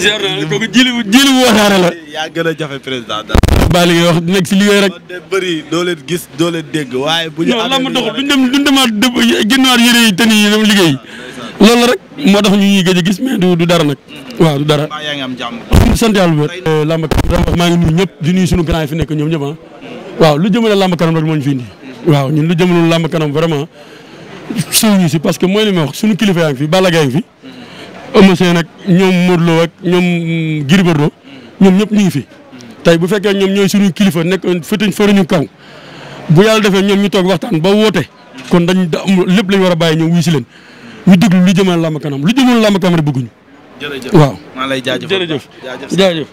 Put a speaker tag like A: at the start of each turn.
A: ziar naa la kooku jëli jëli wasaare la. yaa gën a jafe président daal. bàyyi li ngay wax nekk si liggéey rek. de bëri doo leen gis doo leen dégg la ma doxul duñ
B: dem duñ demaat dëpp gënnaar yére yi te ah, loolu la rek moo tax ñu ñuy gëj a gis mais du du dara nag. Mm. waaw du dara. yaa ngi am kanam maa ngi ñëpp di nuyu suñu grand fi nekk ñoom ñëpp ah. mm. waaw lu jëmale làmb kanam rek moo ñu fi indi. waaw ñun lu jëmale làmb kanam vraiment suñu ñu si parce que mooy li ma wax suñu fi Balla Gaye fi mm. Eumeu Sène ak ñoom Modou Lo ak ñoom Gris Bordeaux ñoom ñëpp ñu ngi fi. tey bu fekkee ñoom ñooy suñu kilifa nekk fëtuñ fëruñu kaw bu yàlla defee ñoom ñu toog waxtaan ba woote kon dañ da am lépp war a bàyyi ñoom wuy si leen ñu déglu lu jëmal làmb kanam lu jëmal làmb kanam rek bëgguñu.
C: jërëjëf waaw maa lay jaajëf jërëjëf